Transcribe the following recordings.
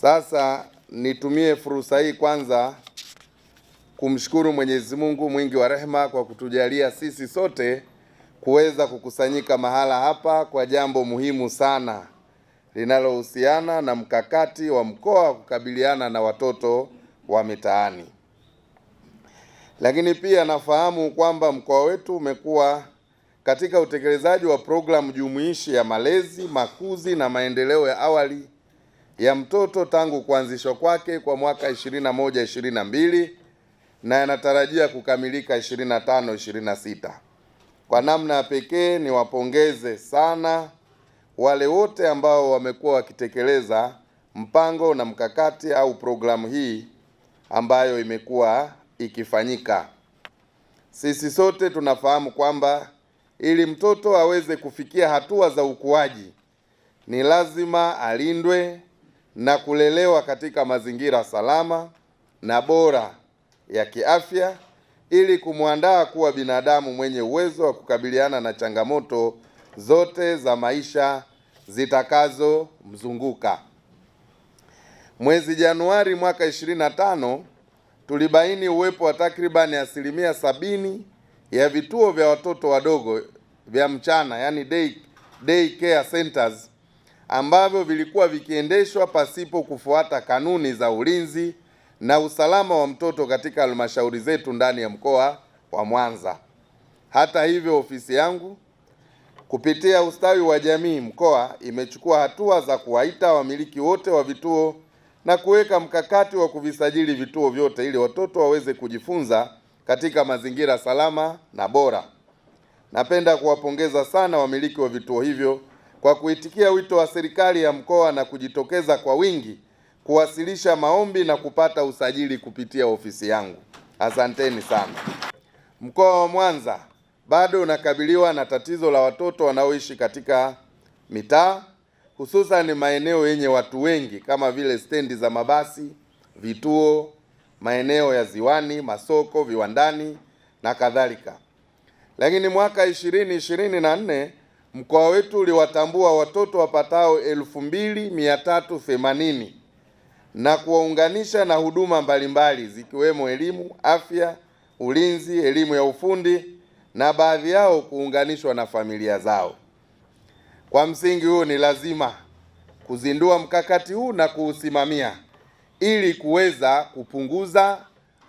Sasa nitumie fursa hii kwanza kumshukuru Mwenyezi Mungu mwingi wa rehema kwa kutujalia sisi sote kuweza kukusanyika mahala hapa kwa jambo muhimu sana linalohusiana na mkakati wa mkoa wa kukabiliana na watoto wa mitaani. Lakini pia nafahamu kwamba mkoa wetu umekuwa katika utekelezaji wa programu jumuishi ya malezi, makuzi na maendeleo ya awali ya mtoto tangu kuanzishwa kwake kwa mwaka 21 22 na yanatarajia kukamilika 25 26. Kwa namna ya pekee niwapongeze sana wale wote ambao wamekuwa wakitekeleza mpango na mkakati au programu hii ambayo imekuwa ikifanyika. Sisi sote tunafahamu kwamba ili mtoto aweze kufikia hatua za ukuaji ni lazima alindwe, na kulelewa katika mazingira salama na bora ya kiafya ili kumwandaa kuwa binadamu mwenye uwezo wa kukabiliana na changamoto zote za maisha zitakazomzunguka. Mwezi Januari mwaka 25 tulibaini uwepo wa takribani asilimia sabini ya vituo vya watoto wadogo vya mchana, yani day, day care centers ambavyo vilikuwa vikiendeshwa pasipo kufuata kanuni za ulinzi na usalama wa mtoto katika halmashauri zetu ndani ya mkoa wa Mwanza. Hata hivyo, ofisi yangu kupitia ustawi wa jamii mkoa imechukua hatua za kuwaita wamiliki wote wa vituo na kuweka mkakati wa kuvisajili vituo vyote ili watoto waweze kujifunza katika mazingira salama na bora. Napenda kuwapongeza sana wamiliki wa vituo hivyo kwa kuitikia wito wa serikali ya mkoa na kujitokeza kwa wingi kuwasilisha maombi na kupata usajili kupitia ofisi yangu. Asanteni sana. Mkoa wa Mwanza bado unakabiliwa na tatizo la watoto wanaoishi katika mitaa hususan maeneo yenye watu wengi kama vile stendi za mabasi, vituo, maeneo ya ziwani, masoko, viwandani na kadhalika. Lakini mwaka 2024 mkoa wetu uliwatambua watoto wapatao 2380 na kuwaunganisha na huduma mbalimbali zikiwemo elimu, afya, ulinzi, elimu ya ufundi na baadhi yao kuunganishwa na familia zao. Kwa msingi huo, ni lazima kuzindua mkakati huu na kuusimamia ili kuweza kupunguza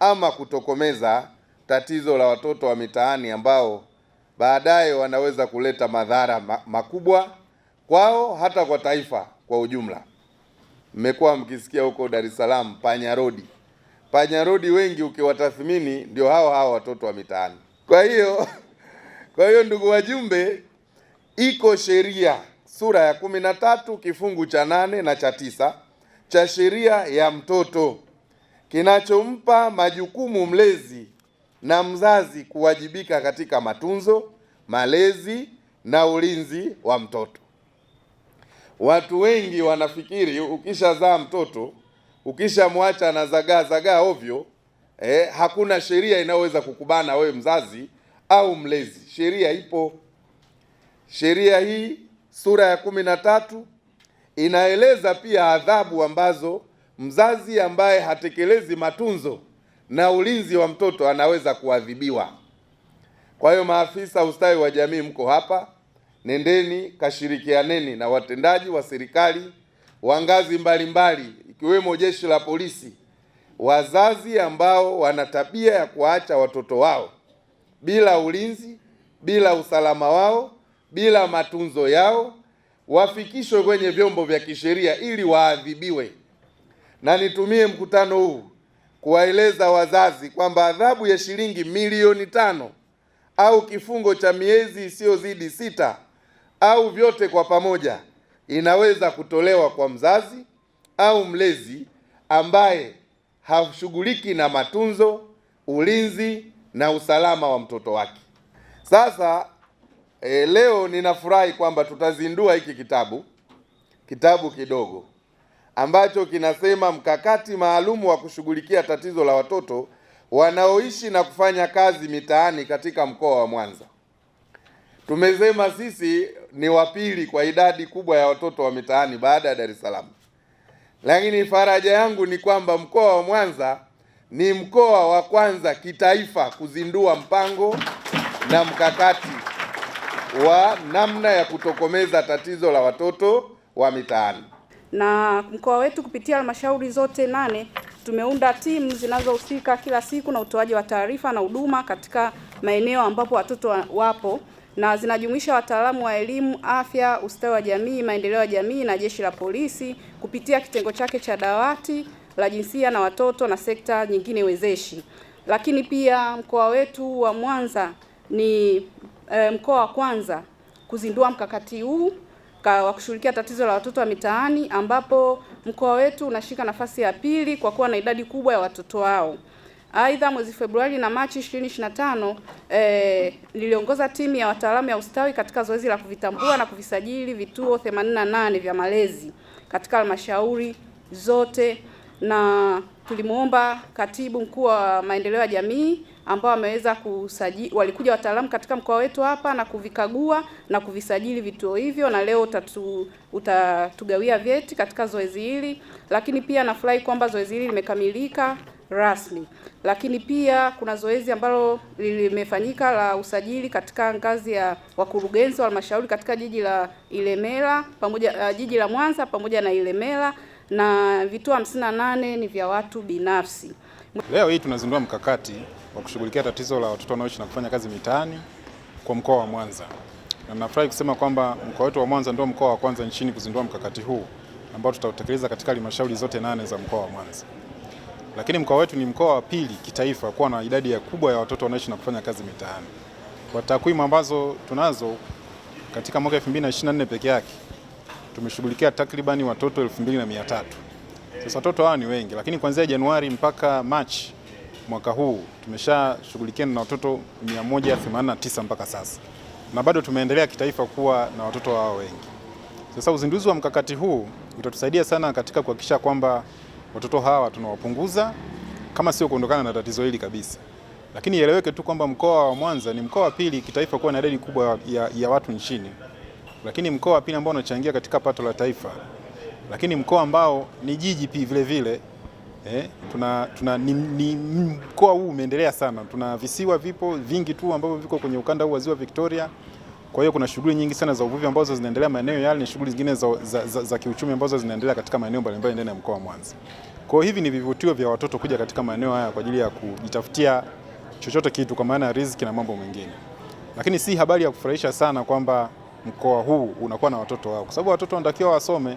ama kutokomeza tatizo la watoto wa mitaani ambao baadaye wanaweza kuleta madhara makubwa kwao, hata kwa taifa kwa ujumla. Mmekuwa mkisikia huko Dar es Salaam panya rodi, panya wengi ukiwatathmini ndio hao hao watoto wa mitaani. Kwa hiyo kwa hiyo ndugu wajumbe, iko sheria sura ya kumi na tatu kifungu cha nane na cha tisa cha sheria ya mtoto kinachompa majukumu mlezi na mzazi kuwajibika katika matunzo, malezi na ulinzi wa mtoto. Watu wengi wanafikiri ukishazaa mtoto, ukishamwacha na zagaa zagaa ovyo eh, hakuna sheria inayoweza kukubana wewe mzazi au mlezi. Sheria ipo. Sheria hii sura ya kumi na tatu inaeleza pia adhabu ambazo mzazi ambaye hatekelezi matunzo na ulinzi wa mtoto anaweza kuadhibiwa. Kwa hiyo, maafisa ustawi wa jamii mko hapa, nendeni kashirikianeni na watendaji wa serikali wa ngazi mbalimbali ikiwemo jeshi la polisi. Wazazi ambao wana tabia ya kuwaacha watoto wao bila ulinzi, bila usalama wao, bila matunzo yao, wafikishwe kwenye vyombo vya kisheria ili waadhibiwe. Na nitumie mkutano huu kuwaeleza wazazi kwamba adhabu ya shilingi milioni tano au kifungo cha miezi isiyozidi sita au vyote kwa pamoja inaweza kutolewa kwa mzazi au mlezi ambaye hashughuliki na matunzo, ulinzi na usalama wa mtoto wake. Sasa e, leo ninafurahi kwamba tutazindua hiki kitabu kitabu kidogo ambacho kinasema mkakati maalum wa kushughulikia tatizo la watoto wanaoishi na kufanya kazi mitaani katika mkoa wa Mwanza. Tumesema sisi ni wa pili kwa idadi kubwa ya watoto wa mitaani baada ya Dar es Salaam, lakini faraja yangu ni kwamba mkoa wa Mwanza ni mkoa wa kwanza kitaifa kuzindua mpango na mkakati wa namna ya kutokomeza tatizo la watoto wa mitaani na mkoa wetu kupitia halmashauri zote nane tumeunda timu zinazohusika kila siku na utoaji wa taarifa na huduma katika maeneo ambapo watoto wapo na zinajumuisha wataalamu wa elimu, afya, ustawi wa jamii, maendeleo ya jamii na jeshi la polisi kupitia kitengo chake cha dawati la jinsia na watoto na sekta nyingine wezeshi. Lakini pia mkoa wetu wa Mwanza ni e, mkoa wa kwanza kuzindua mkakati huu wa kushughulikia tatizo la watoto wa mitaani ambapo mkoa wetu unashika nafasi ya pili kwa kuwa na idadi kubwa ya watoto wao. Aidha, mwezi Februari na Machi 2025 eh, niliongoza timu ya wataalamu ya ustawi katika zoezi la kuvitambua na kuvisajili vituo 88 vya malezi katika halmashauri zote, na tulimwomba katibu mkuu wa maendeleo ya jamii ambao wameweza kusajili, walikuja wataalamu katika mkoa wetu hapa na kuvikagua na kuvisajili vituo hivyo, na leo utatu, utatugawia vyeti katika zoezi hili, lakini pia nafurahi kwamba zoezi hili limekamilika rasmi. Lakini pia kuna zoezi ambalo limefanyika la usajili katika ngazi ya wakurugenzi wa halmashauri katika jiji la Ilemela pamoja, uh, jiji la Mwanza pamoja na Ilemela na vituo nane ni vya watu binafsi. Leo hii tunazindua mkakati wa kushughulikia tatizo la watoto wanaoishi na kufanya kazi mitaani kwa mkoa wa Mwanza, na nafurahi kusema kwamba mkoa wetu wa Mwanza ndio mkoa wa kwanza nchini kuzindua mkakati huu ambao tutautekeleza katika halmashauri zote nane za mkoa wa Mwanza. Lakini mkoa wetu ni mkoa wa pili kitaifa kuwa na idadi ya kubwa ya watoto wanaoishi na kufanya kazi mitaani. Kwa takwimu ambazo tunazo katika mwaka 2024 peke yake tumeshughulikia takribani watoto 2300. Sasa watoto hawa ni wengi, lakini kuanzia Januari mpaka Machi mwaka huu tumeshashughulikiana na watoto 189 mpaka sasa, na bado tumeendelea kitaifa kuwa na watoto hawa wengi. Sasa uzinduzi wa mkakati huu utatusaidia sana katika kuhakikisha kwamba watoto hawa tunawapunguza kama sio kuondokana na tatizo hili kabisa. Lakini ieleweke tu kwamba mkoa wa Mwanza ni mkoa wa pili kitaifa kuwa na idadi kubwa ya, ya watu nchini lakini mkoa wa pili ambao unachangia katika pato la taifa, lakini mkoa ambao ni jiji pia vile vile eh, tuna, tuna, ni, ni mkoa huu umeendelea sana. Tuna visiwa vipo vingi tu ambavyo viko kwenye ukanda huu wa ziwa Victoria. Kwa hiyo kuna shughuli nyingi sana za uvuvi ambazo zinaendelea maeneo yale, ni shughuli zingine za, za, za, za kiuchumi ambazo zinaendelea katika maeneo mbalimbali ndani ya mkoa wa Mwanza. Kwa hivi ni vivutio vya watoto kuja katika maeneo haya kwa ajili ya kujitafutia chochote kitu, kwa maana ya riziki na mambo mengine, lakini si habari ya kufurahisha sana kwamba mkoa huu unakuwa na watoto wao, kwa sababu watoto wanatakiwa wasome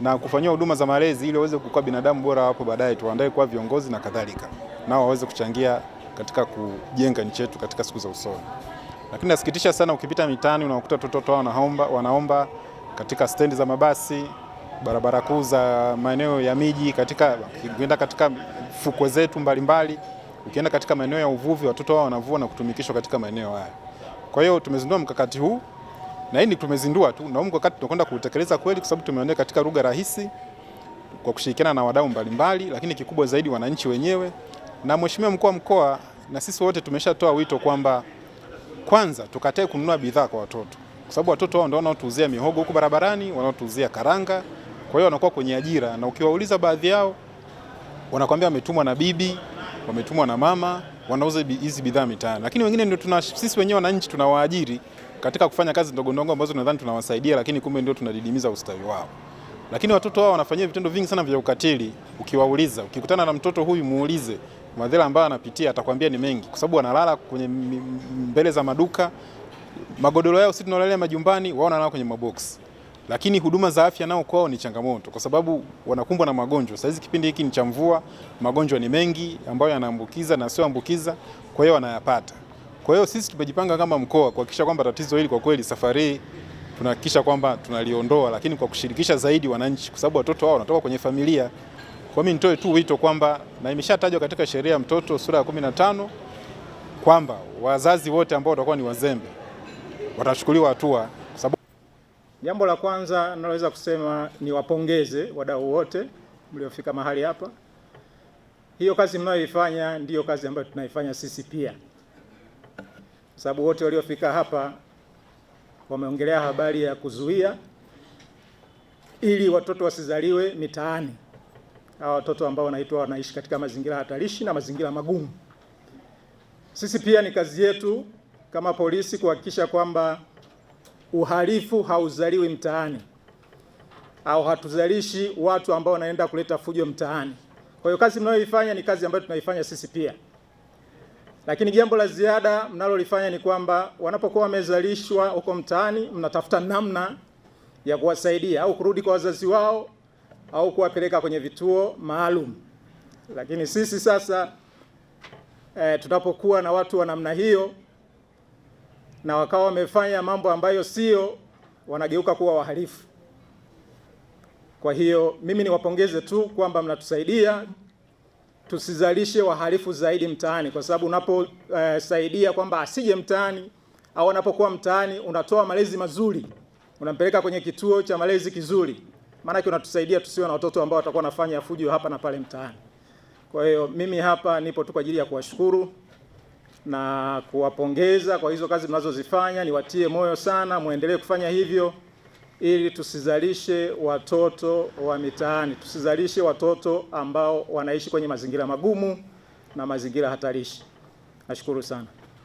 na kufanyiwa huduma za malezi ili waweze kukua binadamu bora hapo baadaye, tuandae kuwa viongozi na kadhalika, nao waweze kuchangia katika kujenga nchi yetu katika siku za usoni. Lakini nasikitisha sana, ukipita mitaani unakuta watoto wao wanaomba, wanaomba katika stendi za mabasi, barabara kuu za maeneo ya miji, katika ukienda katika fukwe zetu mbalimbali, ukienda katika maeneo ya uvuvi, watoto wao wanavua na kutumikishwa katika maeneo haya. Kwa hiyo tumezindua mkakati huu na hii tumezindua tu, na Mungu, wakati tunakwenda kutekeleza kweli, kwa sababu tumeonea katika lugha rahisi kwa kushirikiana na wadau mbalimbali, lakini kikubwa zaidi wananchi wenyewe na Mheshimiwa mkuu wa mkoa na sisi wote tumeshatoa wito kwamba kwanza tukatae kununua bidhaa kwa watoto, kwa sababu watoto wao ndio wanaotuuzia mihogo huko barabarani, wanaotuuzia karanga, kwa hiyo wanakuwa kwenye ajira, na ukiwauliza baadhi yao wanakwambia wametumwa na bibi, wametumwa na mama wanauza hizi bidhaa mitaani, lakini wengine ndio tuna sisi wenyewe wananchi tunawaajiri katika kufanya kazi ndogo ndogo ambazo tunadhani tunawasaidia, lakini kumbe ndio tunadidimiza ustawi wao. Lakini watoto wao wanafanyia vitendo vingi sana vya ukatili. Ukiwauliza, ukikutana na mtoto huyu muulize madhara ambayo anapitia, atakwambia ni mengi, kwa sababu analala kwenye mbele za maduka, magodoro yao sisi tunalalia majumbani, wao wanalala kwenye maboksi lakini huduma za afya nao kwao ni changamoto, kwa sababu wanakumbwa na magonjwa. Sasa hizi kipindi hiki ni cha mvua, magonjwa ni mengi ambayo yanaambukiza na ambukiza, kwa hiyo wanayapata. Kwa hiyo sisi tumejipanga kama mkoa kuhakikisha kwamba tatizo hili kwa kweli safari tunahakikisha kwamba tunaliondoa, lakini kwa kushirikisha zaidi wananchi, kwa sababu watoto wao wanatoka kwenye familia. Kwa mimi nitoe tu wito kwamba, na imeshatajwa katika sheria ya mtoto sura ya 15 kwamba wazazi wote ambao watakuwa ni wazembe watachukuliwa hatua Jambo la kwanza naloweza kusema ni wapongeze wadau wote mliofika mahali hapa. Hiyo kazi mnayoifanya ndiyo kazi ambayo tunaifanya sisi pia, kwa sababu wote waliofika hapa wameongelea habari ya kuzuia ili watoto wasizaliwe mitaani, hawa watoto ambao wanaitwa wanaishi katika mazingira hatarishi na mazingira magumu. Sisi pia ni kazi yetu kama polisi kuhakikisha kwamba uhalifu hauzaliwi mtaani au hatuzalishi watu ambao wanaenda kuleta fujo mtaani. Kwa hiyo kazi mnayoifanya ni kazi ambayo tunaifanya sisi pia, lakini jambo la ziada mnalolifanya ni kwamba wanapokuwa wamezalishwa huko mtaani, mnatafuta namna ya kuwasaidia au kurudi kwa wazazi wao au kuwapeleka kwenye vituo maalum. Lakini sisi sasa e, tunapokuwa na watu wa namna hiyo na wakawa wamefanya mambo ambayo sio, wanageuka kuwa wahalifu. Kwa hiyo mimi niwapongeze tu kwamba mnatusaidia tusizalishe wahalifu zaidi mtaani, kwa sababu unaposaidia eh, uh, kwamba asije mtaani au anapokuwa mtaani, unatoa malezi mazuri, unampeleka kwenye kituo cha malezi kizuri, maanake unatusaidia tusiwe na watoto ambao watakuwa wanafanya fujo hapa na pale mtaani. Kwa hiyo mimi hapa nipo tu kwa ajili ya kuwashukuru na kuwapongeza kwa hizo kazi mnazozifanya. Niwatie moyo sana, muendelee kufanya hivyo ili tusizalishe watoto wa mitaani, tusizalishe watoto ambao wanaishi kwenye mazingira magumu na mazingira hatarishi. Nashukuru sana.